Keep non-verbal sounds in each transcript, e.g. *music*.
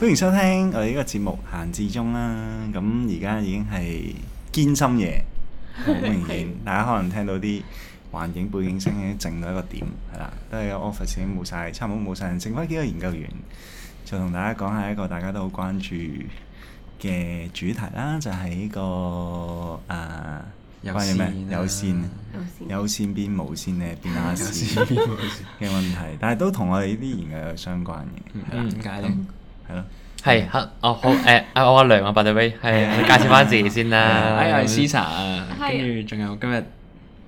歡迎收聽我哋呢個節目閒至中啦，咁而家已經係堅深夜，好明顯。 *laughs* 大家可能聽到啲環境背景聲已經靜到一個點，係啦，都係 office 已經冇晒，差唔多冇晒。剩翻幾個研究員，就同大家講下一個大家都好關注嘅主題啦，就係、是、依、這個誒，啊有啊、關於咩？有線，有線變無線嘅變壓器嘅問題，但係都同我哋呢啲研究有相關嘅，係、嗯、點解咧？嗯係，吓哦好，誒，阿我阿梁啊，by the way，係介紹翻自己先啦。誒，Sisa，跟住仲有今日，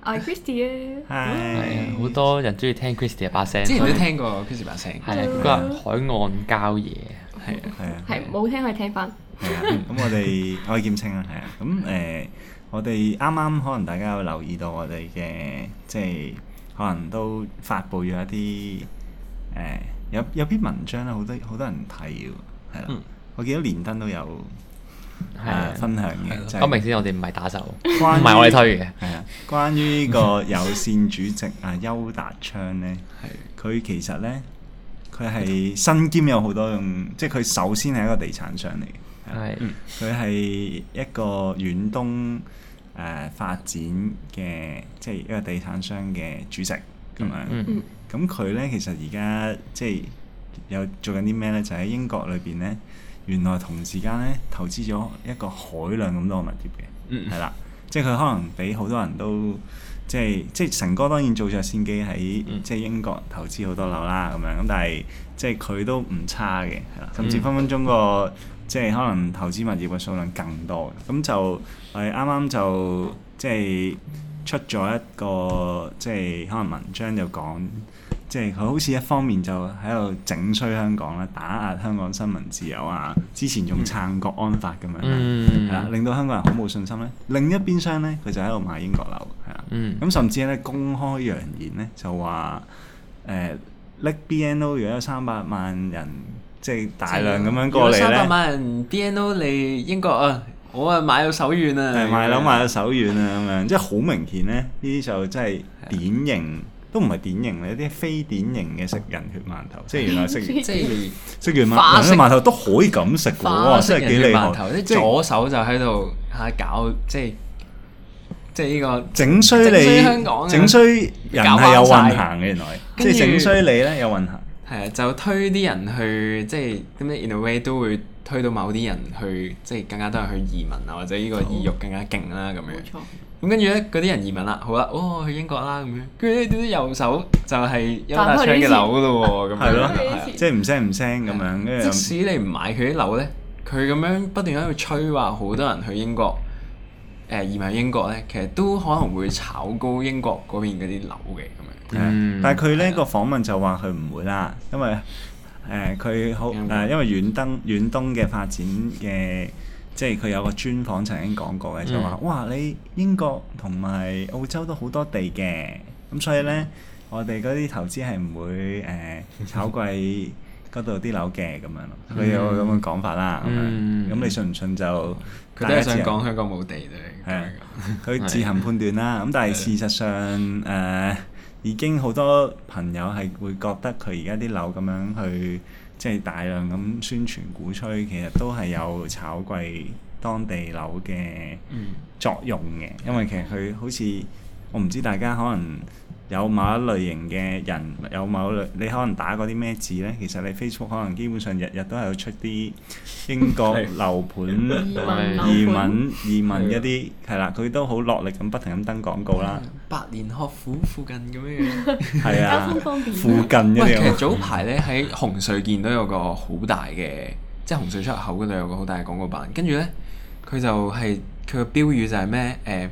阿 Christy 咧，係，啊，好多人中意聽 Christy 啊，把聲、嗯，之前我都聽過 Christy 把聲，係啊，嗰個海岸郊野，係啊，係、嗯、啊，係冇聽可以聽翻，係啊，咁我哋愛劍清啊，係啊，咁誒，我哋啱啱可能大家有留意到我哋嘅，即係可能都發布咗一啲誒。呃有有篇文章咧，好多好多人睇嘅，係啦。嗯、我記得連登都有的、啊、分享嘅。咁明顯我哋唔係打手，唔係我哋推嘅。係啊， *laughs* 關於個有線主席 *laughs* 啊，邱達昌咧，係佢的其實咧，佢係身兼有好多種，即係佢首先係一個地產商嚟嘅，係。佢係的、嗯、一個遠東誒、呃、發展嘅，即係一個地產商嘅主席咁樣。嗯嗯。咁佢咧其實而家即係有做緊啲咩咧？就喺、是、英國裏邊咧，原來同時間咧投資咗一個海量咁多物業嘅，係啦、嗯，即係佢可能比好多人都即係即係誠哥當然做咗先機喺、嗯、即係英國投資好多樓啦咁樣，咁但係即係佢都唔差嘅，係啦，甚至分分鐘個即係可能投資物業嘅數量更多嘅，咁就我哋啱啱就即係出咗一個即係可能文章就講。即係佢好似一方面就喺度整衰香港啦，打壓香港新聞自由啊，之前仲撐國安法咁樣，係啦、嗯，令到香港人好冇信心咧。另一邊廂咧，佢就喺度買英國樓，係啊，咁、嗯、甚至咧公開揚言咧就話誒，拎、呃 like、BNO 如果有三百萬人，即係大量咁樣過嚟三百萬人 BNO 嚟英國啊，我啊買到手軟啊，係啊，賣樓買到手軟啊咁樣，即係好明顯咧，呢啲就真係典型。都唔係典型嘅，一啲非典型嘅食人血饅頭，即係原來食即係 *laughs* 食完饅頭，食饅頭都可以咁食喎，真係幾厲害！即，左手就喺度喺搞，即係即係呢個整衰你，整衰人係有運行嘅，原來即係整衰你咧有運行。係啊，就推啲人去，即係咁樣。In a way，都會推到某啲人去，即係更加多人去移民啊，或者呢個意欲更加勁啦，咁樣錯。錯咁跟住咧，嗰啲人移民啦，好啦，哦，去英國啦咁樣。跟住啲右手就係一大窗嘅樓咯喎，咁係咯，即係唔聲唔聲咁樣。樣即使你唔買佢啲樓咧，佢咁樣不斷喺度吹話，好多人去英國，誒、呃、移民去英國咧，其實都可能會炒高英國嗰邊嗰啲樓嘅咁樣。嗯、但係佢呢個的訪問就話佢唔會啦，因為誒佢、呃呃、好誒，因為遠東遠東嘅發展嘅。即係佢有個專訪曾經講過嘅，嗯、就話：哇，你英國同埋澳洲都好多地嘅，咁所以呢，我哋嗰啲投資係唔會誒、呃、炒貴嗰度啲樓嘅咁樣咯。佢、嗯、有咁嘅講法啦，咁、嗯、你信唔信就一？佢都、嗯、想講香港冇地，佢自行判斷啦。咁的但係事實上誒、呃，已經好多朋友係會覺得佢而家啲樓咁樣去。即係大量咁宣傳鼓吹，其實都係有炒貴當地樓嘅作用嘅，因為其實佢好似。我唔知大家可能有某一類型嘅人，有某類，你可能打嗰啲咩字呢？其實你 Facebook 可能基本上日日都係出啲英國樓盤 *laughs* 移民移民一啲係啦，佢都好落力咁不停咁登廣告啦、嗯。百年學府附近咁樣樣，交通方便、嗯、對附近嘅喎。其實早排呢喺紅隧見都有個好大嘅，即係紅隧出口嗰度有個好大嘅廣告板。跟住呢，佢就係佢個標語就係咩誒？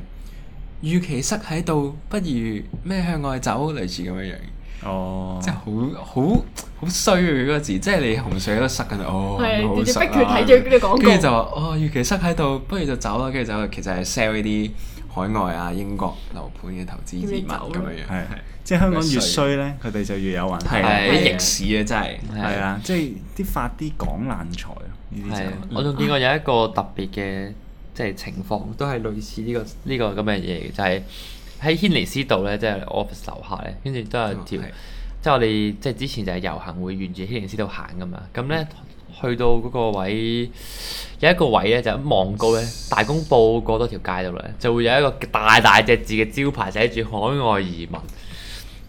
與其塞喺度，不如咩向外走，類似咁樣樣。哦，即係好好好衰嗰個字，即係你洪水都塞喺度，哦，直逼佢睇住啲廣告。跟住就話哦，與其塞喺度，不如就走啦。跟住走，其實係 sell 呢啲海外啊英國樓盤嘅投資資物咁樣樣。係係，即係香港越衰咧，佢哋就越有運氣。係逆市啊，真係。係啊，即係啲發啲港難財啊。係啊，我仲見過有一個特別嘅。即係情況都係類似呢、這個呢、這個咁嘅嘢嘅，就係喺軒尼詩道咧，即係 office 樓下咧，跟住都係條、哦，即係我哋即係之前就係遊行會沿住軒尼詩道行噶嘛，咁咧去到嗰個位有一個位咧就咁、是、望高咧，大公報過多條街度咧，就會有一個大大隻字嘅招牌寫住海外移民。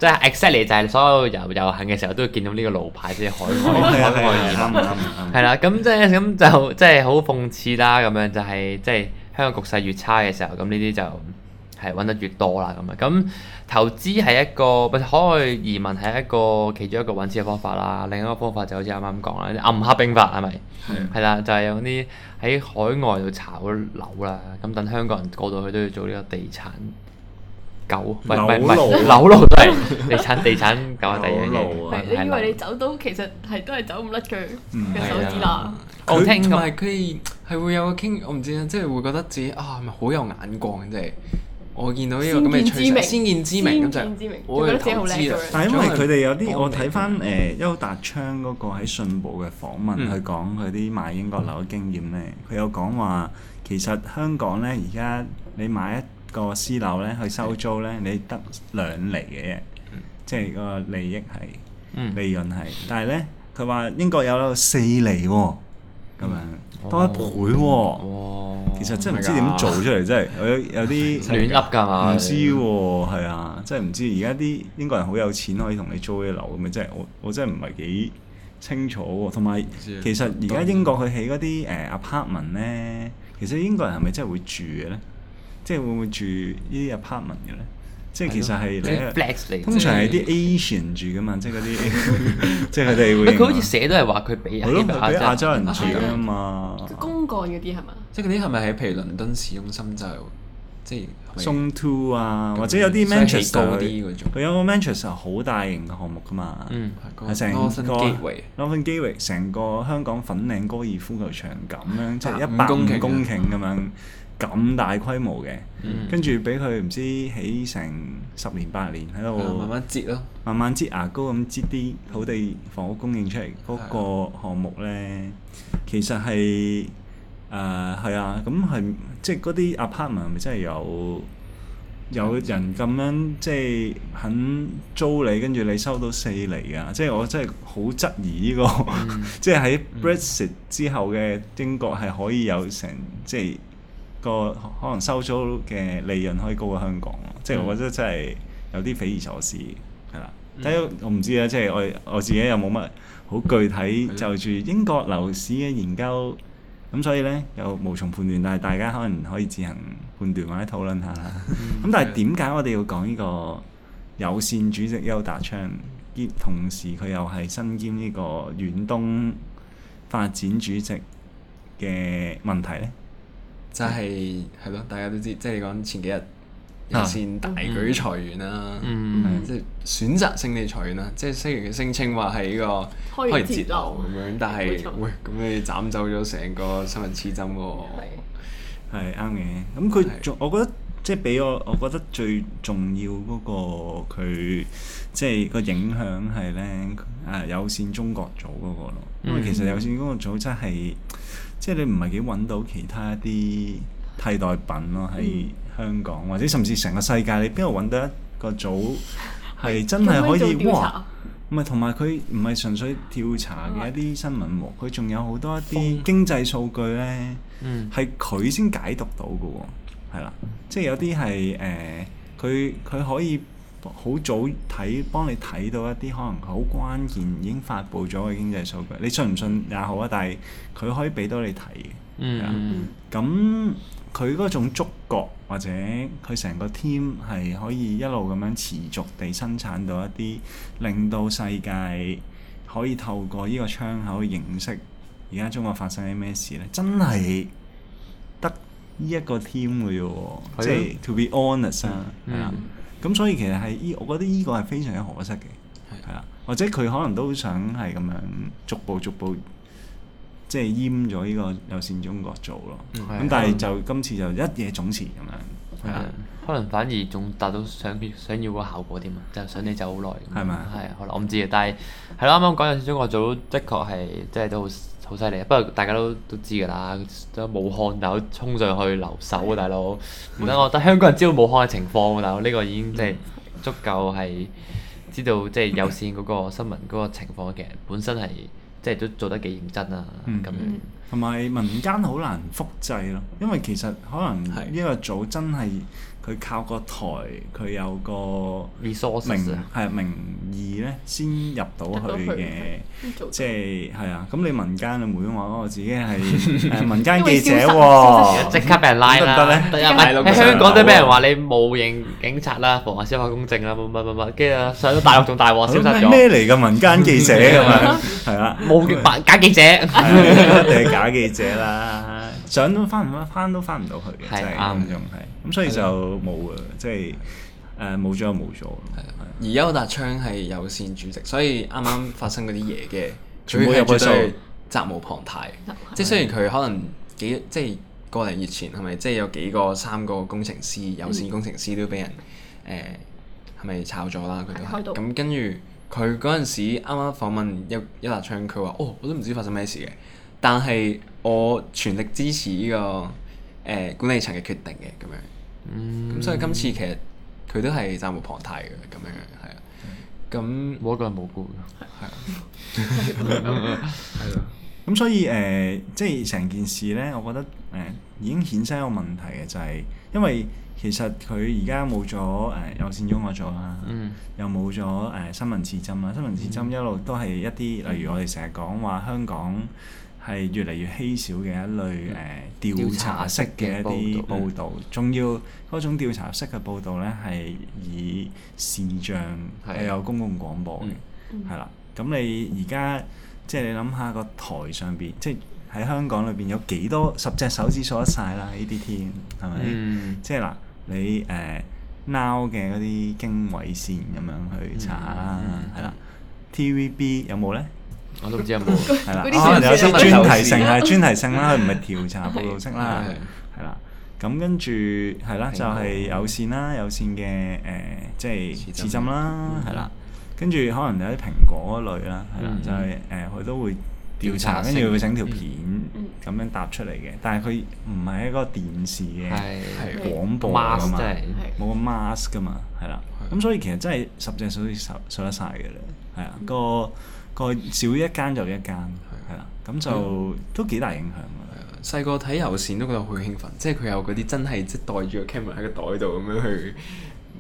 即係 exactly 就係所有遊遊行嘅時候，都會見到呢個路牌，即係海外海外移民係啦，咁即係咁就即係好諷刺啦。咁樣就係即係香港局勢越差嘅時候，咁呢啲就係揾得越多啦。咁啊，咁投資係一個，或者海外移民係一個其中一個揾錢嘅方法啦。另一個方法就好似啱啱講啦，暗黑兵法係咪？係啦，就係用啲喺海外度炒樓啦，咁等香港人過到去都要做呢個地產。.樓，唔係樓樓都係地產地產搞下第一路係，你以為你走到其實係都係走唔甩佢，嘅，走唔甩。我聽咁。佢同埋佢係會有個傾，我唔知咧，即係會覺得自己啊，係咪好有眼光真係？我見到呢個咁嘅趨勢，先見之明咁，就我覺得好叻嘅。但係因為佢哋有啲我睇翻誒邱達昌嗰個喺信報嘅訪問，佢講佢啲買英國樓嘅經驗咧，佢有講話其實香港咧而家你買一。個私樓咧，io, 去收租咧，你得兩厘嘅啫，嗯、即係個利益係，利潤係。但係咧，佢話英國有得四厘喎、哦，咁樣、嗯、多一倍喎、哦。哇！其實真係唔知點做出嚟哇，真係有有啲亂笠㗎嘛？唔知喎，係啊，真係唔知。而家啲英國人好有錢，可以同你租一樓，咪即係我我真係唔係幾清楚喎。同埋其實而家英國佢起嗰啲誒 apartment 咧，其實英國人係咪真係會住嘅咧？即係會唔會住呢啲 apartment 嘅咧？即係其實係你通常係啲 Asian 住㗎嘛，即係嗰啲即係佢哋會佢好似寫都係話佢俾亞俾亞洲人住㗎嘛。公幹嗰啲係嘛？即係嗰啲係咪喺譬如倫敦市中心就即係 Zone Two 啊，或者有啲 Manchester 佢有個 Manchester 好大型嘅項目㗎嘛？嗯，成個 London 成個香港粉嶺高爾夫球場咁樣，即係一百公頃咁樣。咁大規模嘅，跟住俾佢唔知起成十年八年喺度、嗯、慢慢折咯、啊，慢慢折牙膏咁折啲土地房屋供應出嚟嗰個項目咧，嗯、其實係誒係啊，咁係即係嗰啲 apartment 係咪真係有、嗯、有人咁樣即係肯租你，跟住你收到四厘啊！即係我真係好質疑呢、呢個，嗯、 *laughs* 即係喺 Brexit 之後嘅英國係可以有成即係。個可能收租嘅利潤可以高過香港、嗯、即係我覺得真係有啲匪夷所思係啦。第、嗯、我唔知啦，即係我我自己又冇乜好具體就住英國樓市嘅研究，咁、嗯、所以咧又無從判斷，但係大家可能可以自行判斷或者討論下啦。咁、嗯、 *laughs* 但係點解我哋要講呢個有線主席邱達昌兼同時佢又係身兼呢個遠東發展主席嘅問題咧？就係係咯，大家都知，即係你講前幾日有線大舉裁員啦，即係、嗯嗯就是、選擇性地裁員啦，嗯、即係雖然佢聲稱話係呢個開源節流咁樣，但係、嗯、喂，咁你斬走咗成個新聞刺針喎，係啱嘅。咁佢仲，是我覺得即係、就是、畀我，我覺得最重要嗰、那個佢，即係、就是、個影響係咧，誒有線中國組嗰、那個咯，因為、嗯、其實有線嗰個組真係。即係你唔係幾揾到其他一啲替代品咯，喺香港，嗯、或者甚至成個世界，你邊度揾到一個組係真係可以哇？唔係，同埋佢唔係純粹調查嘅一啲新聞，佢仲、嗯、有好多一啲經濟數據咧，係佢先解讀到嘅喎，係啦，即係有啲係誒，佢、呃、佢可以。好早睇幫你睇到一啲可能好關鍵已經發布咗嘅經濟數據，你信唔信也好啊，但係佢可以俾到你睇，嗯，咁佢嗰種觸覺或者佢成個 team 係可以一路咁樣持續地生產到一啲令到世界可以透過呢個窗口認識而家中國發生啲咩事咧，真係得呢一個 team 嘅啫喎，即係 to be honest 啊，係啊、嗯。嗯咁所以其實係依，我覺得依個係非常嘅可惜嘅，係啊的，或者佢可能都想係咁樣逐步逐步即係閹咗呢個有線中國組咯，咁的但係就的今次就一夜總辭咁樣，係啊，可能反而仲達到想想要個效果啲嘛，就是、想你走好耐，係咪啊？係的，可能我唔知啊，但係係咯，啱啱講有線中國組的確係即係都好。好犀利，不過大家都都知㗎啦，都喺武漢大佬衝上去留守啊，大佬的。咁我覺得香港人知道武漢嘅情況啊，大佬呢個已經即係足夠係知道即係有線嗰個新聞嗰個情況嘅，其實本身係即係都做得幾認真啊，咁同埋民間好難複製咯，因為其實可能係呢個組真係。佢靠個台，佢有個 resource，名係名義咧，先入到去嘅。即係係啊，咁你民間啊，無端話我自己係民間記者喎，即刻俾人拉啦。得唔得咧？喺香港都俾人話你冒認警察啦，妨礙司法公正啦，乜乜乜乜，跟住啊上到大陸仲大鑊，消失咗咩嚟？嘅民間記者咁樣啊，係啊，冇假記者，一定係假記者啦。想都翻唔翻，翻都翻唔到去嘅，即係啱用。樣、就是，係咁對，所以就冇嘅，即係誒冇咗就冇、是、咗。而、呃、邱對對達昌係有線主席，所以啱啱發生嗰啲嘢嘅，全部係佢最責無旁貸。 *laughs* 對即係雖然佢可能幾即係過嚟以前係咪即係有幾個三個工程師，有線工程師都俾人誒係咪炒咗啦？佢都係咁，跟住佢嗰陣時啱啱訪問邱邱達昌，佢話：哦，我都唔知發生咩事嘅。但係，我全力支持呢個誒管理層嘅決定嘅咁樣。咁所以今次其實佢都係責無旁貸嘅咁樣，係啊。咁冇一個人冇辜嘅，係啊。係咯。咁所以誒，即係成件事咧，我覺得誒已經衍生一個問題嘅，就係因為其實佢而家冇咗誒有線中國組啦，又冇咗誒新聞刺針啦。新聞刺針一路都係一啲，例如我哋成日講話香港。係越嚟越稀少嘅一類誒、嗯、調查式嘅一啲報導，仲、嗯、要嗰種調查式嘅報導咧，係以視像，係有公共廣播嘅，係啦、嗯。咁、嗯、你而家即係你諗下、個台上邊，即係喺香港裏邊有幾多十隻手指數得晒啦？呢啲天係咪？即係嗱，你誒、uh, now 嘅嗰啲經緯線咁樣去查下啊，係啦、嗯。嗯嗯、TVB 有冇咧？我都唔知有冇，係啦，可能有啲專題性係專題性啦，佢唔係調查報道式啦，係啦。咁跟住係啦，就係有線啦，有線嘅誒，即係刺針啦，係啦。跟住可能有啲蘋果類啦，係啦，就係誒，佢都會調查，跟住會整條片咁樣搭出嚟嘅。但係佢唔係一個電視嘅廣播啊嘛，冇個 mask 噶嘛，係啦。咁所以其實真係十隻手指都十數得晒嘅啦，係啊個。個少一間就一間，啊，係啦，啊，咁就都幾大影響，啊。細個睇有線都覺得好興奮，即係佢有嗰啲真係即係袋住個 camera 喺個袋度咁樣去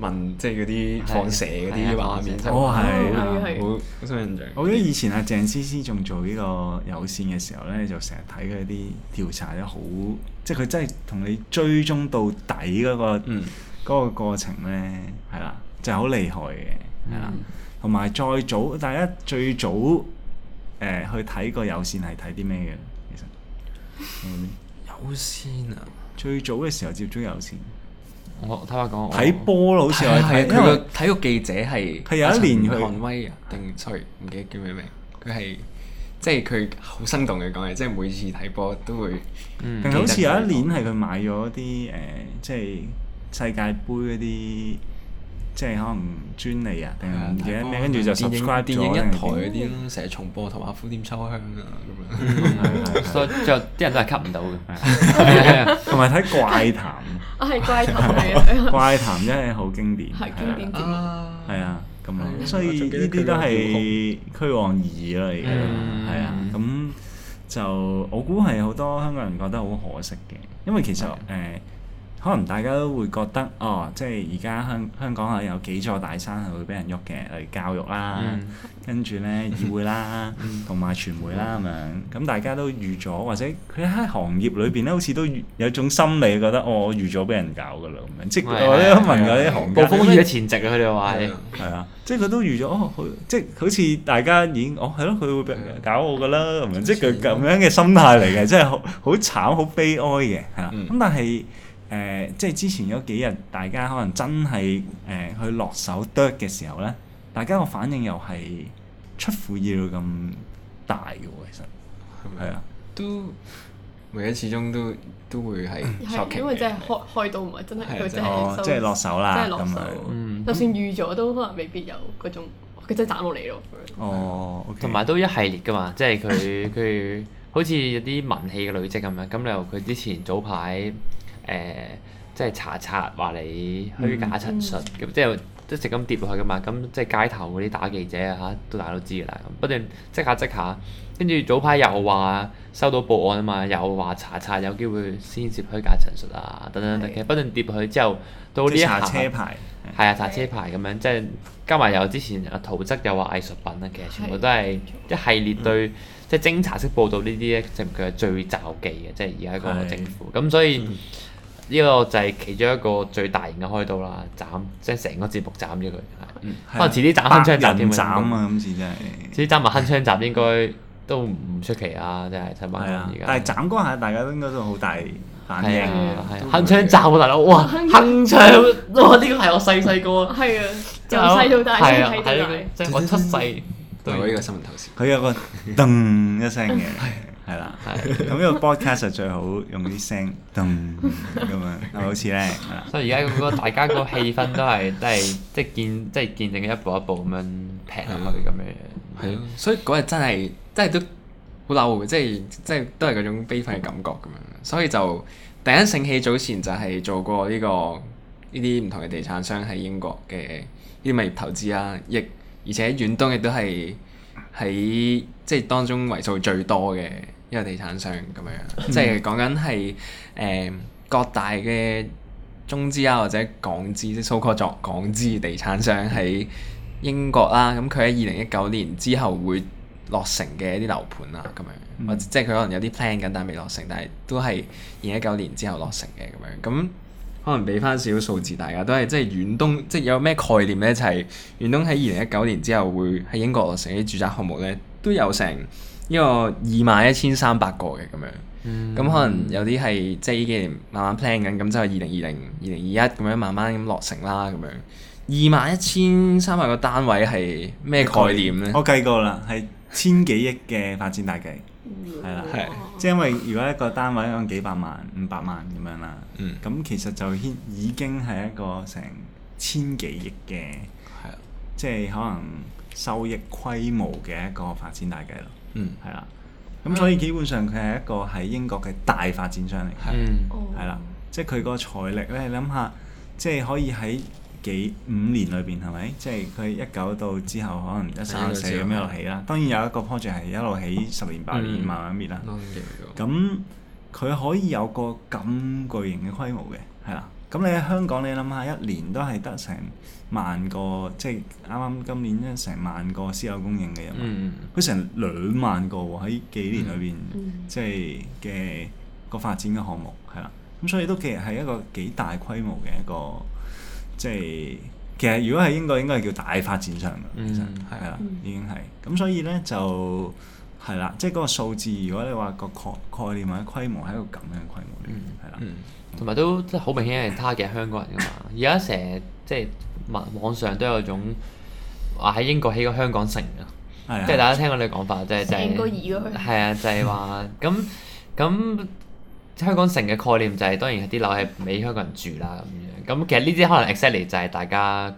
問，即係嗰啲放蛇嗰啲畫面，啊，啊啊、哦係，好深、啊啊啊啊、印象。我記得以前阿鄭思思仲做呢個有線嘅時候呢，就成日睇佢啲調查都好，即係佢真係同你追蹤到底嗰、那個嗰過程呢，係、那、啦、個，就好厲害嘅，係啦。bar 同埋再早，大家最早誒、呃、去睇個有線係睇啲咩嘅？其實有線、嗯、啊，最早嘅時候接觸有線，我睇下講。睇波咯，好似係因為體育記者係佢有一年去威啊，定誰唔記得叫咩名？佢係即係佢好生動嘅講嘢，即係每次睇波都會、嗯。好似有一年係佢買咗啲誒，即係世界盃嗰啲。嗯嗯即係可能專利啊，定唔記得咩？跟住就成日怪電影一台嗰啲咯，成日重播《唐伯虎點秋香》啊咁樣。所以就啲人都係吸唔到嘅。係同埋睇怪談。啊，怪談怪談真係好經典。係經典啊！係啊，咁所以呢啲都係虛妄而已啦，而家係啊。咁就我估係好多香港人覺得好可惜嘅，因為其實誒。可能大家都會覺得哦，即係而家香香港係有幾座大山係會俾人喐嘅，例如教育啦、嗯，跟住咧議會啦、嗯，同埋傳媒啦咁樣。咁 *laughs* 大家都預咗，或者佢喺行業裏邊咧，好似都有種心理覺得我預咗俾人搞噶啦咁樣。即係我問嗰啲行，暴風雨嘅前夕啊，佢哋話係啊，即係佢都預咗，即係好似大家已經哦係咯，佢會俾人搞我噶啦，咁樣即係咁樣嘅心態嚟嘅，真係好慘、好悲哀嘅嚇。咁但係。誒，即係之前有幾日，大家可能真係誒去落手得嘅時候咧，大家個反應又係出乎意料咁大嘅喎。其實係啊，都唯一始終都都會係因為真係開開刀，唔係真係佢真係收，即係落手啦，真係落手。嗯，就算預咗都可能未必有嗰種佢真係打落嚟咯。哦，同埋都一系列㗎嘛，即係佢佢好似有啲文氣嘅累積咁樣。咁例如佢之前早排。誒，即係查冊話你虛假陳述，咁即係一直咁跌落去嘅嘛。咁即係街頭嗰啲打記者啊嚇，都大家都知嘅啦。不斷積下積下，跟住早排又話收到報案啊嘛，又話查冊有機會先涉虛假陳述啊，等等其實不斷跌落去之後，到呢下車牌，係啊查車牌咁樣，即係加埋又之前阿陶則又話藝術品啊，其實全部都係一系列對即係偵查式報導呢啲咧，就佢做最詐忌嘅，即係而家個政府咁，所以，呢個就係其中一個最大型嘅開刀啦，斬即係成個節目斬咗佢，啊、可能遲啲斬鏗鏘集添啊！斬啊！今次真係，遲啲斬埋鏗鏘集應該都唔出奇啊！真係七百人，但係斬光係大家都應該都好大反應嘅，鏗鏘集大佬哇！鏗鏘哇！呢個係我細細個，係 *laughs* 啊，由細到大都睇到嘅，啊啊啊啊、我出世！對我呢個新聞頭先！佢 *laughs* 有個噔一聲嘅。 *laughs* 係啦，咁呢 *laughs* 個 broadcast 就最好用啲聲，咚咁樣，好似咧。 *laughs* 所以而家嗰大家個氣氛都係都係即見即見定一步一步咁樣劈落去咁樣。係咯，所以嗰日真係真係都好嬲，即係即係都係嗰種悲憤嘅感覺咁樣。 *noise* 所以就第一醒起早前就係做過呢、呢個呢啲唔同嘅地產商喺英國嘅呢啲物業投資啦，亦而且遠東亦都係。喺即係當中為數最多嘅一個地產商咁樣，即係講緊係誒各大嘅中資啊或者港資即係 so called 港資地產商喺英國啦、啊，咁佢喺二零一九年之後會落成嘅一啲樓盤啊咁樣，嗯、或者即係佢可能有啲 plan 緊但係未落成，但係都係二零一九年之後落成嘅咁樣咁。可能畀翻少少數字，大家都係即係遠東，即係有咩概念呢？就係、是、遠東喺二零一九年之後會喺英國落成啲住宅項目呢，都有成呢個二萬一千三百個嘅咁樣。咁、嗯、可能有啲係即係依幾年慢慢 plan 緊，咁就二零二零、二零二一咁樣慢慢咁落成啦咁樣。二萬一千三百個單位係咩概念呢？我計過啦，係。千幾億嘅發展大計，係啦，即係因為如果一個單位講幾百萬、五百萬咁樣啦，咁、嗯、其實就已已經係一個成千幾億嘅，即係、嗯、可能收益規模嘅一個發展大計咯。嗯，係啦的，咁所、嗯、以基本上佢係一個喺英國嘅大發展商嚟嘅，係啦、嗯，即係佢個財力咧，你諗下即係、就是、可以喺。幾五年裏邊係咪？即係佢一九到之後，可能一三四咁一路起啦。當然有一個 project 係一路起十年、哦、八年慢慢滅啦。咁佢、嗯嗯、可以有個咁巨型嘅規模嘅，係啦。咁你喺香港你想想，你諗下一年都係得成萬個，即係啱啱今年一成萬個私有供應嘅嘛。佢、嗯、成兩萬個喎，喺、嗯、幾年裏邊，即係嘅個發展嘅項目係啦。咁所以都其實係一個幾大規模嘅一個。即係其實如果喺英國應該係叫大發展上嘅，其實係啦、啊，嗯、已經係咁，所以咧就係啦，即係嗰個數字，如果你話個概概念或者規模係一個咁樣嘅規模，係啦、嗯嗯嗯嗯，同埋都即係好明顯係他嘅香港人㗎嘛，而家成日，即係網上都有種話喺英國起個香港城㗎，即係大家聽過你講法，即係即係係啊，就係話咁咁。香港城嘅概念就係、係、當然啲樓係俾香港人住啦咁樣。咁其實呢啲可能 exactly 就係大家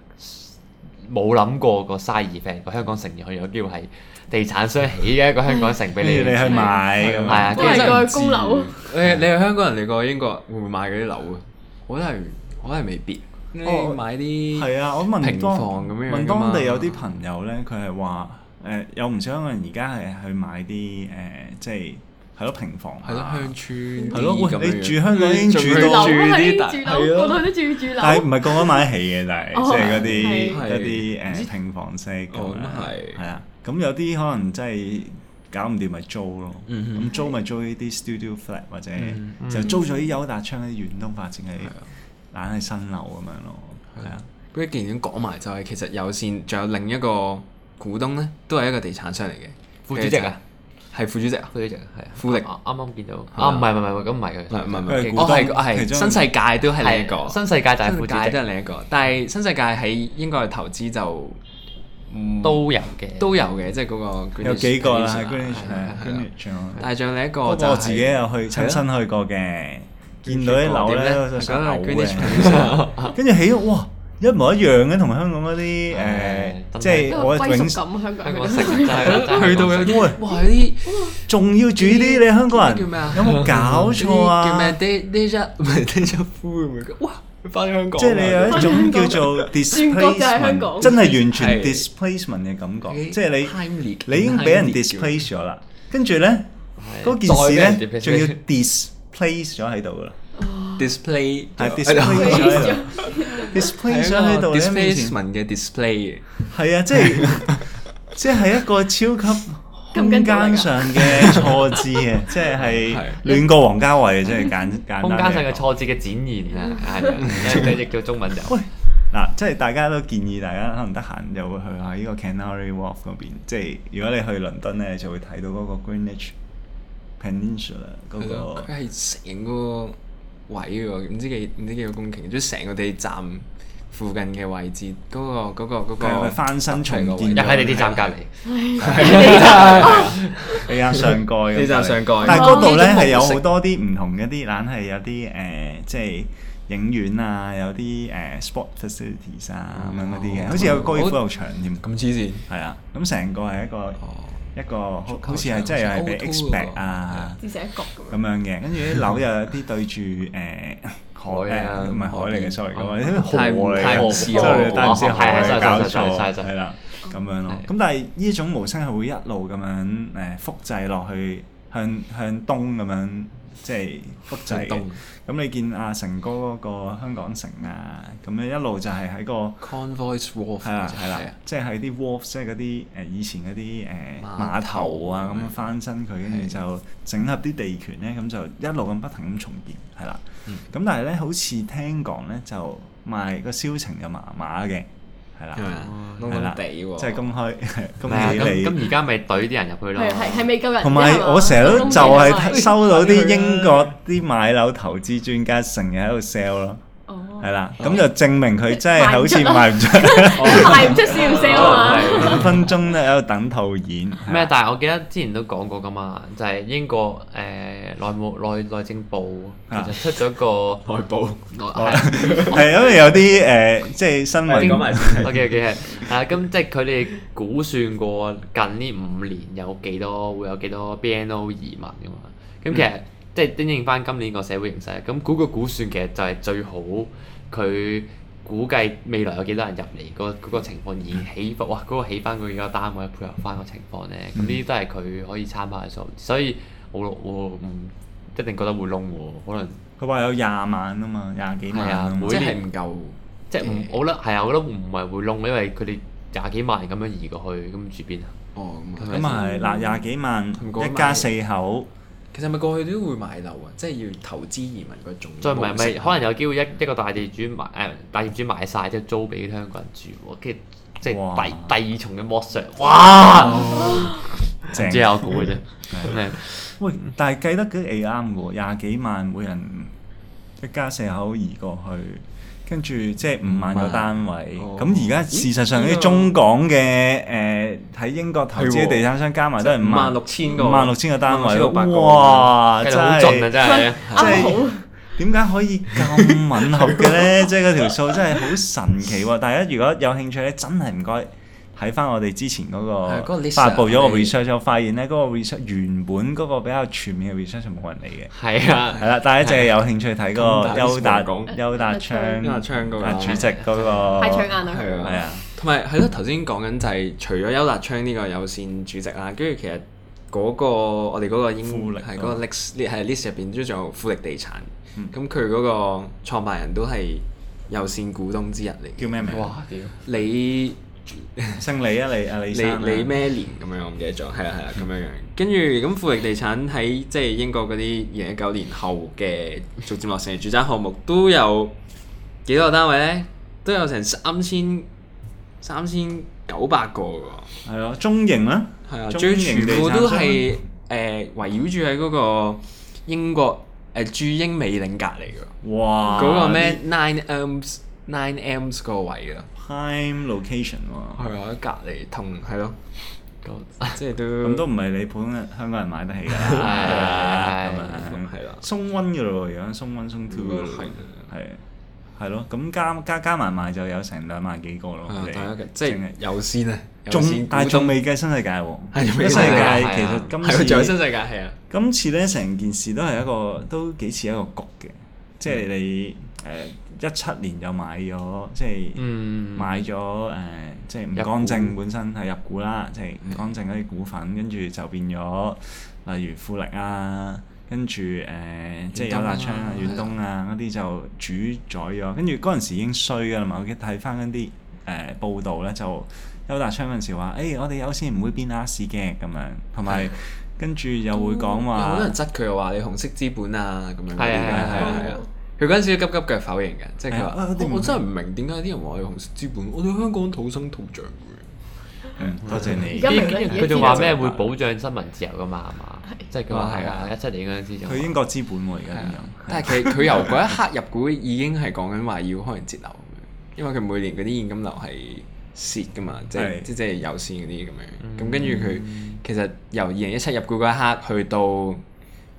冇諗過個 size，譬如個香港城有冇有機會係地產商起嘅一個香港城俾你你去買，係啊，即係供樓。你你係香港人嚟過英國，會唔會買嗰啲樓啊、嗯？我覺得係，我覺得係未必。哦，買啲係啊！我問咁樣問當地有啲朋友咧，佢係話誒有唔少香港人而家係去買啲誒、呃，即係。係咯，平房，係咯，鄉村，係咯，你住香港已經住住啲大，係住住樓。係唔係個個買起嘅？就係即係嗰啲啲誒平房式咁樣。係啊，咁有啲可能真係搞唔掂咪租咯。咁租咪租呢啲 studio flat 或者就租咗啲優達窗啲遠東發展嘅懶係新樓咁樣咯。係啊，不如既然講埋就係其實有線仲有另一個股東咧，都係一個地產商嚟嘅副主席啊。係副主席，副主席係啊，富力，啱啱見到，啊唔係唔係唔係，咁唔係佢，唔係唔係，我係我新世界都係你一個，新世界大係副主都係另一個，但係新世界喺英國嘅投資就都有嘅，都有嘅，即係嗰個有幾個啦，跟住，但係仲另一個我自己又去親身去過嘅，見到啲樓咧都成跟住起哇！一模一樣嘅同香港嗰啲誒，即係我永去到嘅。哇！哇！啲仲要住啲你香港人。有冇搞錯啊？叫咩？D Dja 唔係 Dja Fu？哇！翻香港。即係你有一種叫做 displacement，真係完全 displacement 嘅感覺。即係你你已經俾人 displace 咗啦。跟住咧，嗰件事咧仲要 displace 咗喺度噶啦。d i s p l a y d i s p l a y d i s p l a y d i d i s p l a y 文嘅 display，係啊，即係即係一個超級空間上嘅挫折。啊！即係係亂過王家衛，即係簡簡單上嘅挫折嘅展現啊！係啊，直接叫中文就喂嗱，即係大家都建議大家可能得閒又會去下呢個 Canary Walk 嗰邊，即係如果你去倫敦咧，就會睇到嗰個 Greenwich Peninsula 嗰個，係成個。位喎，唔知幾唔知幾個公頃，即係成個地鐵站附近嘅位置，嗰個嗰個嗰個翻新重建，又喺地鐵站隔籬，地鐵，地鐵上蓋，地鐵上蓋。但係嗰度咧，係有好多啲唔同嘅啲，硬係有啲誒，即係影院啊，有啲誒 sport facilities 啊咁樣嗰啲嘅，好似有高爾夫球場添。咁黐線。係啊，咁成個係一個。一個好似係真係俾 expect 啊，咁樣嘅，跟住啲樓又有啲對住誒海唔係海嚟嘅 sorry 所以，太唔似喎，係係係，錯係啦，咁樣咯。咁但係呢種模式係會一路咁樣誒複製落去向向東咁樣。即係複製嘅，咁 *laughs* 你見阿成哥嗰個香港城啊，咁樣一路就係喺個 Convoys Wharf 係啦係啦，即係喺啲 Wharf，即係嗰啲誒以前嗰啲誒碼頭啊咁是樣翻新佢，跟住是就整合啲地權咧，咁就一路咁不停咁重建，係啦、啊。咁、嗯、但係咧，好似聽講咧，就賣個銷情就麻麻嘅。係啦，弄咁地喎，真係公開，公開咁，而家咪懟啲人入去咯。係，係未夠人，同埋有嗎我成日都就係收到啲英國啲買樓投資專家成日喺度 sell 咯。係啦，咁就證明佢真係好似賣唔出，賣唔出笑聲啊！分分鐘都喺度等套演咩？但係我記得之前都講過噶嘛，就係、是、英國誒、呃、內務內內政部其實出咗個內、啊、部，係、哦、 *laughs* 因為有啲誒、呃、即係新聞講埋先。OK OK 係啦，咁即係佢哋估算過近呢五年有幾多會有幾多 BNO 移民噶嘛？咁其實。嗯即係因應翻今年個社會形勢，咁、那、估個估算其實就係最好佢估計未來有幾多人入嚟個嗰個情況而起伏，哇！嗰、那個起翻佢而家單位配合翻個情況咧，咁呢啲都係佢可以參考嘅數。所以我我唔、嗯、一定覺得會窿喎，可能佢話有廿萬啊嘛，廿幾萬，啊、每年唔夠，欸、即係我覺得係啊，我覺得唔係會窿，因為佢哋廿幾萬咁樣移過去，咁住邊啊？咁啊係嗱，廿、嗯嗯、幾萬一家四口。其實咪過去都會買樓啊，即係要投資移民嗰種，再唔係咪可能有機會一一個大地主買誒、嗯嗯、大業主買曬，即係租俾香港人住，跟住即係第哇第二重嘅剝削。哇！唔知有估嘅啫。喂，但係記得佢啱喎，廿幾萬每人，一家四口移過去。跟住即係五萬個單位，咁而家事實上啲中港嘅誒喺英國投資嘅地產商加埋都係五萬六千個，五萬六千個單位，哇！真係，真係，即係點解可以咁吻合嘅呢？即係嗰條數真係好神奇喎！大家如果有興趣咧，真係唔該。睇翻我哋之前嗰個發布咗個 research，我發現咧嗰個 research 原本嗰個比較全面嘅 research 冇人嚟嘅。係啊，係啦，大家就係有興趣睇個邱達廣、邱達昌、昌嗰個主席嗰個，太搶眼啦，係啊，同埋係咯，頭先講緊就係除咗邱達昌呢個有線主席啦，跟住其實嗰個我哋嗰個英係嗰個 list list 入邊，跟住仲有富力地產，咁佢嗰個創辦人都係有線股東之一嚟嘅，叫咩名？哇屌你！姓李啊，你，阿李生啊，咩年咁樣我唔記得咗，係啊，係啊咁樣樣。跟住咁富力地產喺即係英國嗰啲二零一九年後嘅逐漸落成嘅住宅項目都有幾多個單位咧？都有成三千三千九百個㗎喎。係啊，對中型啊。係啊。最全部都係誒圍繞住喺嗰個英國誒、呃、駐英美領隔離㗎。哇！嗰個咩這 Nine Elms Nine Elms 個位啊！Time location 喎，係啊，喺隔離同係咯，即係都咁都唔係你普通香港人買得起㗎，係咪？係啦，松温㗎咯，而家松温松 two 㗎咯，係啊，係啊，係咯，咁加加加埋埋就有成兩萬幾個咯，即係有線啊，仲但係仲未計新世界喎，新世界其實今次仲有新世界係啊，今次咧成件事都係一個都幾似一個局嘅，即係你。誒一七年就買咗，即係買咗誒，即係唔乾淨本身係入股啦，即係唔乾淨嗰啲股份，跟住就變咗，例如富力啊，跟住誒，即係邱達昌啊、遠東啊嗰啲就主宰咗，跟住嗰陣時已經衰㗎啦嘛。我記得睇翻嗰啲誒報道咧，就邱達昌嗰陣時話：我哋有線唔會變亞視嘅咁樣。同埋跟住又會講話，好多人質佢又話你紅色資本啊咁樣。係係係。æ kay 佢嗰陣時急急腳否認嘅，即係佢話：我真係唔明點解啲人話係紅色資本，我哋香港土生土長，嗯，多謝你。佢仲話咩會保障新聞自由嘅嘛？係嘛？即係佢話啊！係啊！一七、啊、年嗰陣時佢英國資本喎，而家咁，但係佢佢由嗰一刻入股已經係講緊話要可能節流，因為佢每年嗰啲現金流係蝕嘅嘛，即係即係有線嗰啲咁樣。咁跟住佢其實由二零一七入股嗰一刻去到。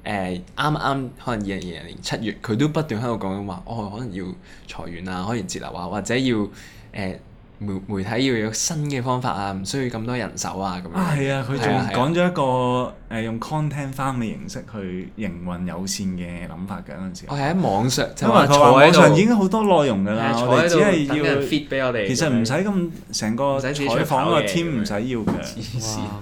誒啱啱可能二零二零年七月，佢都不斷喺度講緊話，哦，可能要裁員啊，可能節流啊，或者要誒。欸媒媒體要有新嘅方法啊，唔需要咁多人手啊，咁樣。啊，係啊！佢仲講咗一個誒用 content 翻嘅形式去營運有限嘅諗法嘅嗰陣時。我係喺網上，因為在網上已經好多內容㗎啦，我哋只係要其實唔使咁成個採訪個 team 唔使要嘅，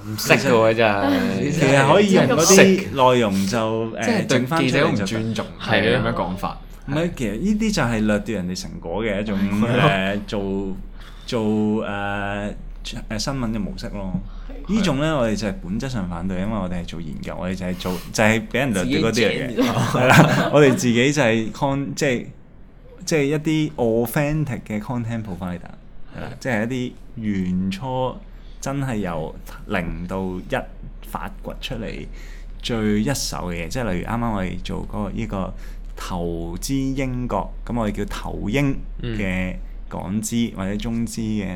唔識㗎真係。其實可以用嗰啲內容就誒，記者唔尊重，係啊，咩講法？唔係，其實呢啲就係掠奪人哋成果嘅一種誒做。做誒誒、呃、新聞嘅模式咯，的種呢種咧的我哋就係本質上反對，因為我哋係做研究，我哋就係做就係、是、俾人掠奪嗰啲嘢，係啦， *laughs* 我哋自己就係 con 即係即係一啲 authentic 嘅 content provider，係啦，即係一啲的原初真係由零到一發掘出嚟最一手嘅嘢，即係例如啱啱我哋做嗰個呢個投資英國，咁我哋叫投英嘅，嗯。港資或者中資嘅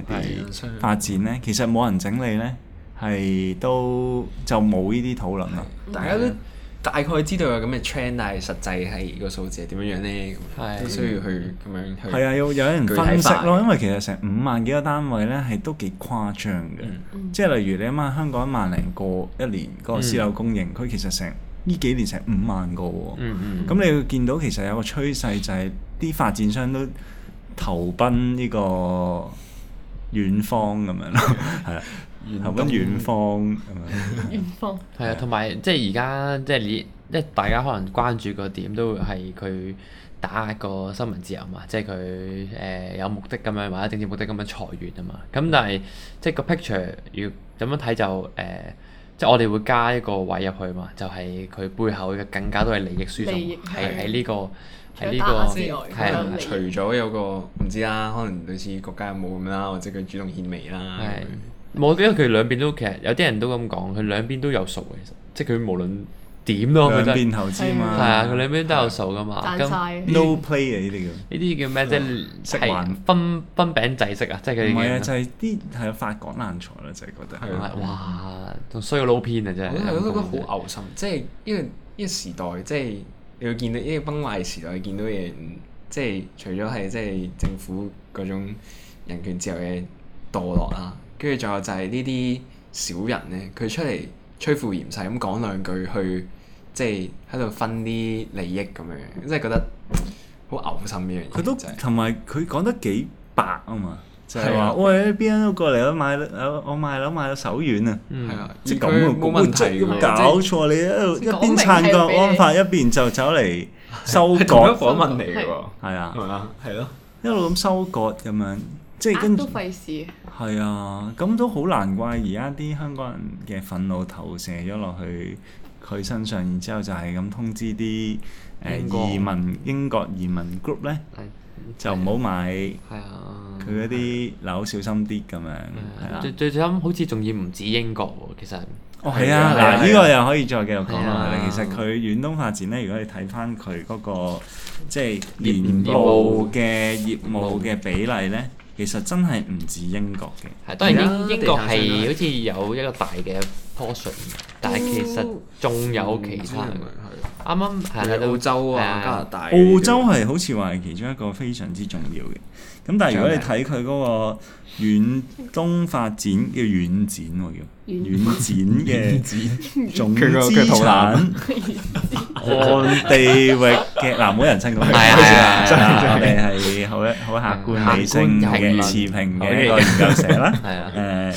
發展咧，的其實冇人整理咧，係的的都就冇呢啲討論啦。的大家都大概知道有咁嘅 trend，但係實際係個數字點樣樣咧，都的需要去咁樣去。係啊的，要有人分析咯，因為其實成五萬幾個單位咧，係都幾誇張嘅。嗯、即係例如你諗下香港一萬零個一年、個私樓供應，佢其實成呢幾年成五萬個喎。咁、嗯嗯嗯、你會見到其實有個趨勢就係啲發展商都。 *laughs* 投奔呢個遠方咁樣咯，係 *laughs* 啊，投奔遠方咁樣。 *laughs* 遠方係 *laughs* 啊，同埋即係而家即係你，即係大家可能關注個點都會係佢打個新聞自由嘛，即係佢誒有目的咁樣或者政治目的咁樣裁員啊嘛。咁但係即係個 picture 要咁樣睇就誒，即係我哋會加一個位入去嘛，就係佢背後嘅更加都係利益輸送，係喺呢個。係呢個係除咗有個唔知啦，可能類似國家有冇咁啦，或者佢主動獻媚啦。係，冇，因為佢兩邊都其實有啲人都咁講，佢兩邊都有數嘅，其實即係佢無論點咯，兩邊投資嘛，係啊，佢兩邊都有數噶嘛。no play 啊，呢啲叫呢啲叫咩啫？食環分分餅仔式啊，即係佢唔係啊，就係啲係啊發國難財啦，就係覺得哇，仲衰過撈偏啊，真係。我覺得好嘔心，即係因為呢個時代即係。你會見到呢個崩壞時代，見到嘅嘢，即係除咗係即係政府嗰種人權自由嘅墮落啦，跟住仲有就係呢啲小人咧，佢出嚟吹脹鹽勢咁講兩句，去即係喺度分啲利益咁樣，即係覺得好嘔心呢樣嘢。佢都同埋佢講得幾白啊嘛～就係話，喂！邊間都過嚟啦，買啦，我買樓，買到手軟啊！係啊，即咁嘅個問題，搞錯你一路一邊撐國安法，一邊就走嚟收割，係咪一訪問嚟喎？係啊，係咯，一路咁收割咁樣，即係跟住都費事。係啊，咁都好難怪而家啲香港人嘅憤怒投射咗落去佢身上，然之後就係咁通知啲誒移民英國移民 group 咧。就唔好買，佢嗰啲樓小心啲咁、啊、樣。啊啊、最最最想好似仲要唔止英國喎，其實。哦係啊，嗱呢個又可以再繼續講落嚟、啊、其實佢遠東發展咧，如果你睇翻佢嗰個即係年業務嘅業務嘅比例咧，其實真係唔止英國嘅、啊。當然英，英英國係好似有一個大嘅。但係其實仲有其他，啱啱係喺澳洲啊，加拿大。澳洲係好似話係其中一個非常之重要嘅。咁但係如果你睇佢嗰個遠東發展嘅遠展，我叫遠展嘅總資產，按 *laughs* 地域嘅南美人稱講係啊， *laughs* 嗯、我哋係好好客觀理性嘅持平嘅一個研究社啦，誒、 *laughs* 啊。嗯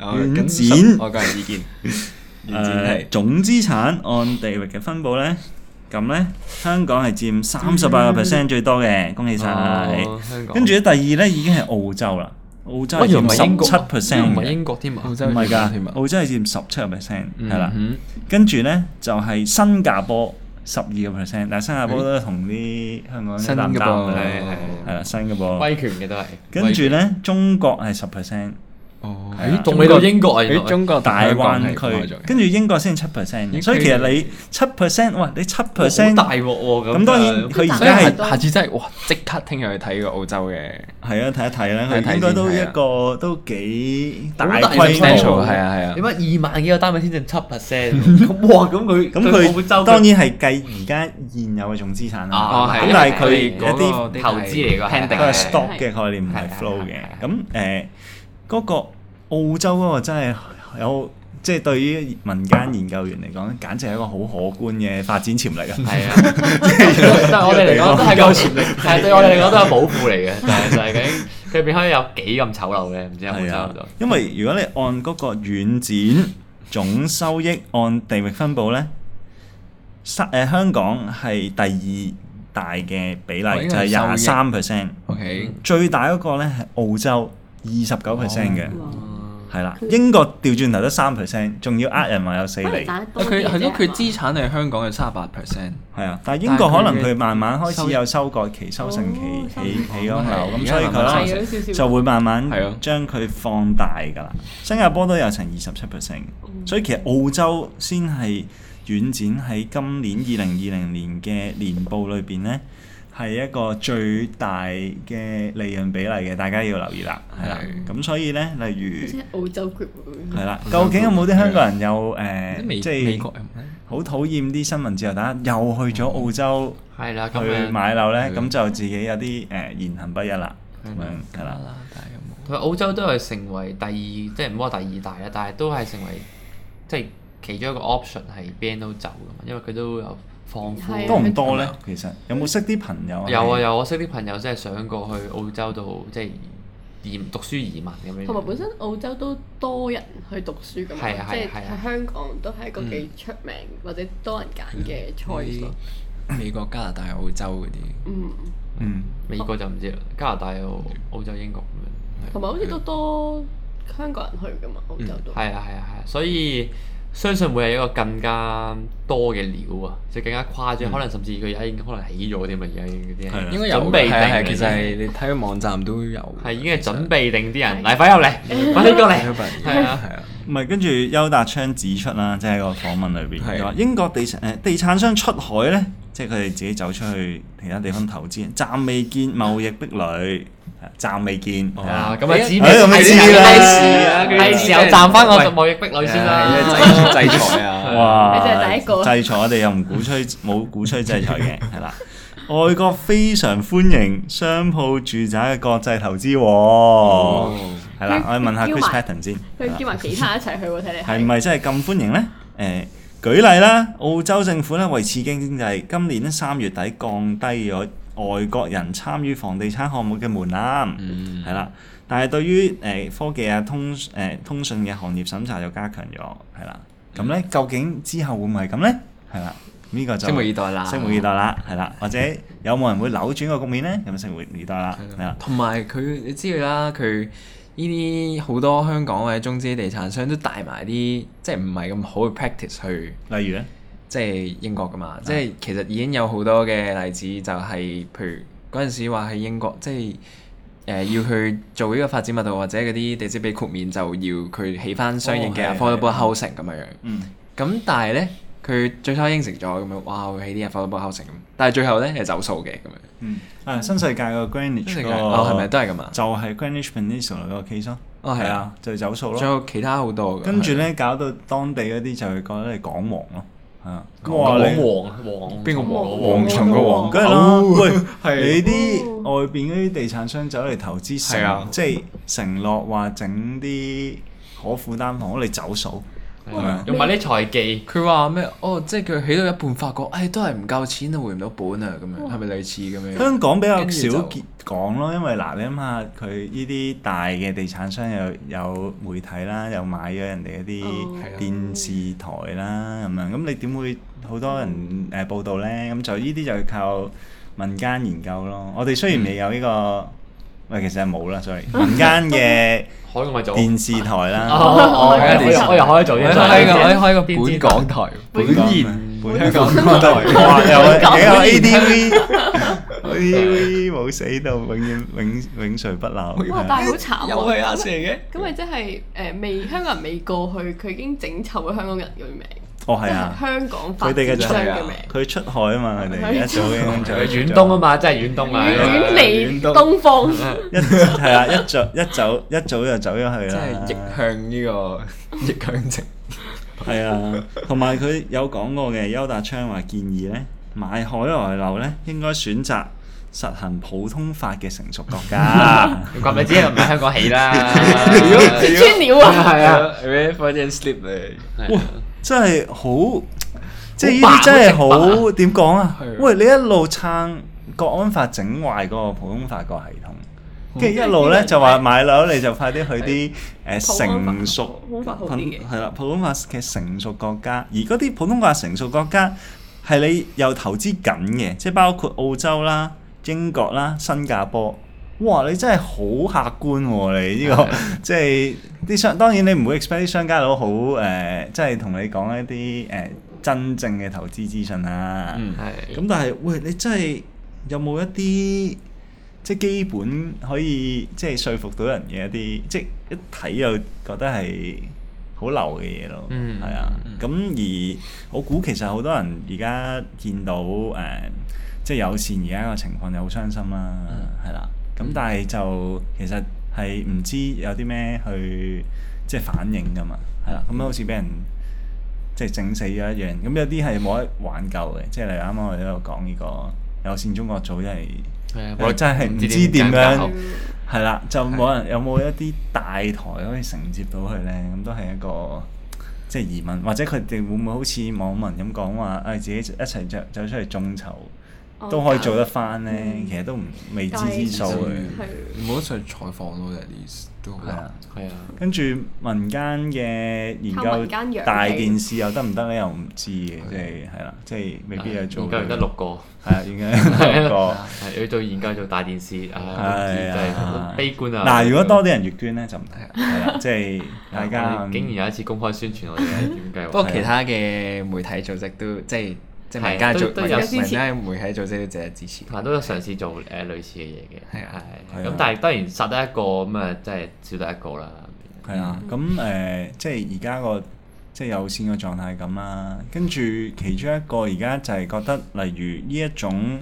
展我個人意見，誒總資產按地域嘅分佈咧，咁咧香港係佔三十八個 percent 最多嘅，恭喜晒！香港跟住咧第二咧已經係澳洲啦，澳洲係佔十七 percent，唔係英國添啊！唔係㗎，澳洲係佔十七個 percent 係啦。跟住咧就係新加坡十二個 percent，但係新加坡都同啲香港一攬攬係係係啦，新嘅噃威權嘅都係。跟住咧中國係十 percent。誒仲比過英國啊，中國大灣區，跟住英國先至七 percent，所以其實你七 percent，哇，你七 percent 好大鑊咁。咁當然佢而家係下次真係哇，即刻聽日去睇個澳洲嘅，係啊，睇一睇啦，應該都一個都幾大規模，係啊係啊。點解二萬幾個單位先至七 percent？咁哇，咁佢咁佢當然係計而家現有嘅總資產啦。咁但係佢一啲投資嚟㗎，佢係 stock 嘅概念，唔係 flow 嘅。咁誒嗰個。澳洲嗰個真係有，即係對於民間研究員嚟講，簡直係一個好可觀嘅發展潛力啊！係啊，對我哋嚟講都係個潛力，係對我哋嚟講都係寶庫嚟嘅。但係就係咁，佢入邊有幾咁醜陋嘅，唔知有冇 *laughs* 因為如果你按嗰個遠展總收益按地域分佈咧，三、呃、香港係第二大嘅比例、哦、就係廿三 percent，OK，最大嗰個咧係澳洲二十九 percent 嘅。係啦，英國掉轉頭得三 percent，仲要呃人話有四厘。佢係咯，佢資產係香港嘅三十八 percent。係啊，但係英國可能佢慢慢開始有收購期、哦、收成期起起屋樓，咁所以佢的就會慢慢將佢放大㗎啦。的新加坡都有成二十七 percent，所以其實澳洲先係遠展喺今年二零二零年嘅年報裏邊咧。係一個最大嘅利潤比例嘅，大家要留意啦。係啦的，咁所以咧，例如，即澳洲 group 啦，的究竟有冇啲香港人有誒，即係好討厭啲新聞自由，大家又去咗澳洲，係啦，去買樓咧，咁就自己有啲誒、呃、言行不一啦。係啦，係啦，但係冇。佢澳洲都係成為第二，即係唔好話第二大啦，但係都係成為即係其中一個 option 係 BNO 都走嘅嘛，因為佢都有。多唔多呢？嗯、其實有冇識啲朋友啊？有啊有，我識啲朋友真係想過去澳洲度，即係移讀書移民咁樣。同埋本身澳洲都多人去讀書噶嘛，啊啊、即係喺香港都係一個幾出名、嗯、或者多人揀嘅 choice 美國、加拿大、澳洲嗰啲。嗯嗯，嗯美國就唔知，加拿大、澳澳洲、英國咁樣同埋好似都多香港人去噶嘛，嗯、澳洲都。係啊係啊係啊，所以。相信會係一個更加多嘅料啊！即係更加誇張，可能甚至佢已經可能起咗啲乜嘢。已經嗰啲係準備定、啊啊、其實你睇個網站都有。係已經係準備定啲人嚟快入嚟，快啲過嚟。係啊係啊。唔係，跟住邱達昌指出啦，即、就、係、是、個訪問裏邊話英國地產誒、呃、地產商出海咧。即係佢哋自己走出去其他地方投資，暫未見貿易壁壘，暫未見。哇！咁啊，止跌係時啦，係時候賺翻個貿易壁壘先啦。制裁啊！哇！即係第一個制裁，我哋又唔鼓吹，冇鼓吹制裁嘅，係啦。外國非常歡迎商鋪住宅嘅國際投資，係啦。我哋問下 Chris Patten 先，佢叫埋其他一齊去睇嚟。係咪真係咁歡迎咧？誒？舉例啦，澳洲政府咧為刺激經濟，今年咧三月底降低咗外國人參與房地產項目嘅門檻，係啦、嗯。但係對於誒科技啊通誒通訊嘅行業審查又加強咗，係啦。咁咧究竟之後會唔會係咁咧？係啦，呢、呢個就拭目以待啦，拭目以待啦，係啦。 *laughs* 或者有冇人會扭轉個局面咧？咁就拭目以待啦，係啦的。同埋佢，你知道啦，佢。呢啲好多香港或者中資地產商都帶埋啲即係唔係咁好嘅 practice 去。例如咧，即係英國㗎嘛，的即係其實已經有好多嘅例子，就係，就係譬如嗰陣時話喺英國，即係誒、呃、要去做呢個發展密度或者嗰啲地積比豁免，就要佢起翻相應嘅 affordable housing 咁樣，嗯、樣。咁、嗯嗯、但係咧。佢最初應承咗咁樣，哇！起啲日發到不可成咁，但係最後咧係走數嘅咁樣。嗯，啊新世界個 Greenwich 新世界係咪都係咁啊？就係 Greenwich Peninsula 個 case 哦，係啊，就走數咯。仲有其他好多。跟住咧，搞到當地嗰啲就係覺得你港蝗咯。係啊，港蝗，蝗，邊個蝗？蝗蟲個蝗。梗係啦，喂，你啲外邊嗰啲地產商走嚟投資，係啊，即係承諾話整啲可負擔房，你走數。係咪用埋啲財技，佢話咩？哦 *noise* ，oh, 即係佢起到一半發覺，唉、哎，都係唔夠錢啊，回唔到本啊，咁樣係咪類似咁樣？香港比較少講咯，因為嗱，你諗下佢呢啲大嘅地產商又有，有媒體啦，又買咗人哋一啲電視台啦，咁樣、oh. 啊，咁你點會好多人誒、oh. 呃、報導咧？咁就呢啲就靠民間研究咯。我哋雖然未有呢、呢個。Oh. 唔係，其實係冇啦，sorry，民間嘅電視台啦，我又可以做嘢，我又可以開個本港台，本然本香港台，又幾個 ADV，ADV 冇死到永遠，永永垂不朽，但係好慘喎，又係阿蛇嘅，咁咪即係誒未香港人未過去，佢已經整臭咗香港人嘅名。哦，係啊！香港發商嘅名，佢出海啊嘛，佢哋一早咁樣走，遠東啊嘛，即係遠東啊，遠離東方，係啊，一早一早一早就走咗去啦，即係逆向呢個逆向情，係啊，同埋佢有講過嘅，邱達昌話建議咧買海外樓咧，應該選擇實行普通法嘅成熟國家，你講咩嘢咁啊？香港起啦，穿鳥啊，係啊，Ready for your sleep 嚟。真係好，即係呢啲真係好點講啊？啊的喂，你一路撐國安法整壞個普通法個系統，跟住一路咧就話、是、買樓你就快啲去啲誒成熟，係啦，普通法嘅成熟國家。而嗰啲普通法成熟國家係你又投資緊嘅，即係包括澳洲啦、英國啦、新加坡。哇！你真係好客觀喎，啊，你呢個即係啲商，當然你唔會 expect 啲商家佬好，誒，即係同你講一啲誒，呃、真正嘅投資資訊啦，啊。嗯的，咁但係喂，你真係有冇一啲即係基本可以即係說服到人嘅一啲，即係一睇就覺得係好流嘅嘢咯。嗯，係啊。咁的而我估其實好多人而家見到誒，呃，即係有線而家個情況就好傷心啦，啊。係啦。咁、嗯、但係就其實係唔知有啲咩去即係反應㗎嘛，係啦的，咁好似俾人、嗯、即係整死咗一樣。咁、嗯、有啲係冇得挽救嘅，即係例如啱啱我哋喺度講呢個有線中國組真係，我的真係唔知點樣係啦、嗯，就冇人的有冇一啲大台可以承接到佢咧？咁都係一個即係疑問，或者佢哋會唔會好似網民咁講話，誒、哎、自己一齊著走出嚟眾籌？都可以做得翻咧，其實都唔未知之數嘅，冇得、嗯、上採訪咯，有啲都係啊。跟住民間嘅研究大電視又得唔得咧？又唔知嘅的，即係係啦，即係未必係做。研究得六個，係啊，研究一個，係去做研究做大電視，唉、啊，都係的悲觀啊。嗱的，如果多啲人月捐咧，就唔係啦，即係大家竟然有一次公開宣傳，我哋點計劃？不過其他嘅媒體組織都即係。即係大家做都，都有支持。大家媒體組織都支持。係，都有嘗試做誒類似嘅嘢嘅。係係係。咁、啊、但係當然殺得一個咁啊，即係少得一個啦。係啊，咁誒、嗯呃，即係而家個。即係有線嘅狀態咁啦、啊，跟住其中一個而家就係覺得，例如呢一種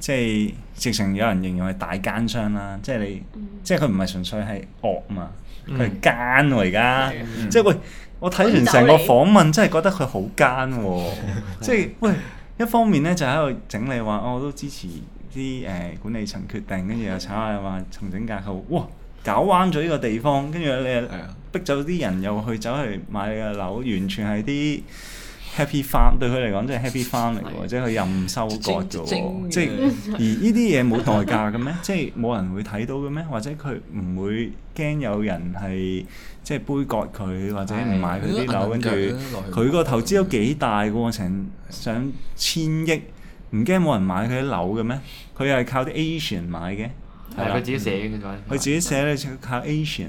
即係直情有人形容係大奸商啦、啊，即係你、嗯、即係佢唔係純粹係惡啊嘛，佢係奸喎而家，嗯、即係喂，我睇完成個訪問，真係覺得佢好奸喎、啊，嗯嗯、即係喂，一方面咧就喺度整理話、哦，我都支持啲誒、呃、管理層決定，跟住又炒下話重整架構，哇、呃、搞彎咗呢個地方，跟住你逼走啲人又去走去買嘅樓，完全係啲 happy farm 對佢嚟講，即係 happy farm 嚟喎，即係佢任收割啫喎。即係而呢啲嘢冇代價嘅咩？即係冇人會睇到嘅咩？或者佢唔會驚有人係即係杯葛佢，或者唔買佢啲樓，跟住佢個投資有幾大嘅喎？成上千億，唔驚冇人買佢啲樓嘅咩？佢又係靠啲 Asian 買嘅，係佢自己寫嘅，佢自己寫咧靠 Asian。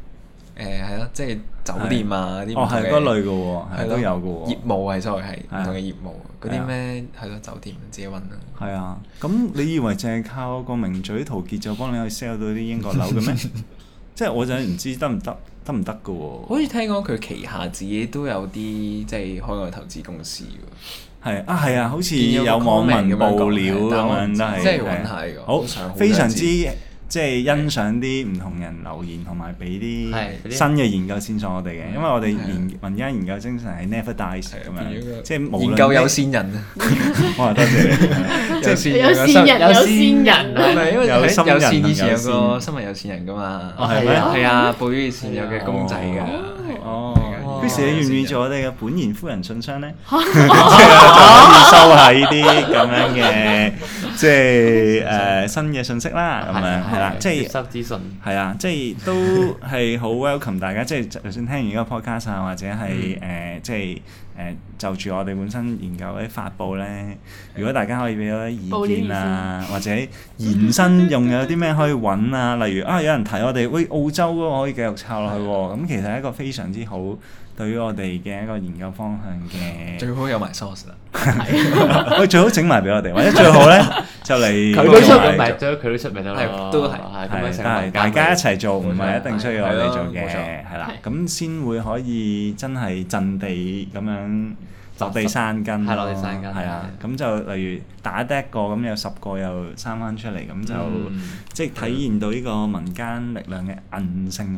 誒係咯，即係酒店啊啲哦係嗰類嘅喎，係都有嘅喎。業務係所謂係唔同嘅業務，嗰啲咩係咯酒店、借殼啊。係啊，咁你以為淨係靠個名嘴陶傑就幫你去 sell 到啲英國樓嘅咩？即係我就係唔知得唔得，得唔得㗎喎。好似聽講佢旗下自己都有啲即係海外投資公司喎。係啊，係啊，好似有網民嘅爆料，咁但係好非常之。即係欣賞啲唔同人留言，同埋俾啲新嘅研究線索我哋嘅，因為我哋研文家研究精神係 never die 咁樣，即係研究有線人。哇！多謝，有線人，有線人，係咪因為喺有線以前有個新聞有線人噶嘛？係咪？係啊，布於以前有嘅公仔㗎。哦，於是你願唔願意我哋嘅本然夫人信箱咧，就可以收下呢啲咁樣嘅。即係誒、呃、新嘅信息啦，咁樣係啦，即係失資訊係啊，即係都係好 welcome 大家， *laughs* 即係就算聽完依個 podcast 啊，或者係誒、嗯呃、即係。誒就住我哋本身研究啲發佈咧，如果大家可以俾到啲意見啊，或者延伸用有啲咩可以揾啊？例如啊，有人提我哋喂澳洲啊，可以繼續抄落去。咁其實係一個非常之好對於我哋嘅一個研究方向嘅，最好有埋 source 啦。喂，最好整埋俾我哋，或者最好咧就嚟佢都出名，佢都出名咗啦。都係係，大家一齊做唔係一定需要我哋做嘅，係啦，咁先會可以真係陣地咁樣。落地生根，係的落地生根，係啊的！咁的就例如打低個咁，有十個又生翻出嚟，咁、嗯、就即係體現到呢個民間力量嘅韌性嘅。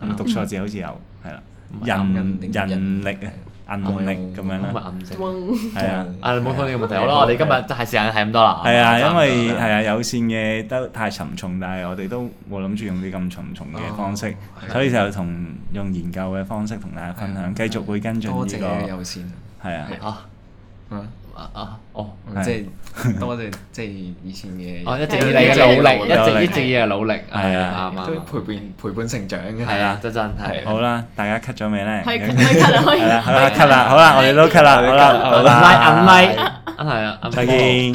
我、嗯、讀錯字好似有，係啦，人人力啊。壓力咁樣啦，係啊，啊冇錯，呢個問題好啦，我哋今日係時間係咁多啦。係啊，因為係啊有線嘅都太沉重，但係我哋都冇諗住用啲咁沉重嘅方式，所以就同用研究嘅方式同大家分享，繼續會跟進呢個有線。係啊。啊哦，即係多謝即係以前嘅，一直以嚟嘅努力，一直一直以嚟努力，係啊，都陪伴陪伴成長嘅，係啦，真真係。好啦，大家 cut 咗未咧？係咪 cut 啦？係啦，cut 啦，好啦，我哋都 cut 啦，好啦，拜拜。係啊，再見。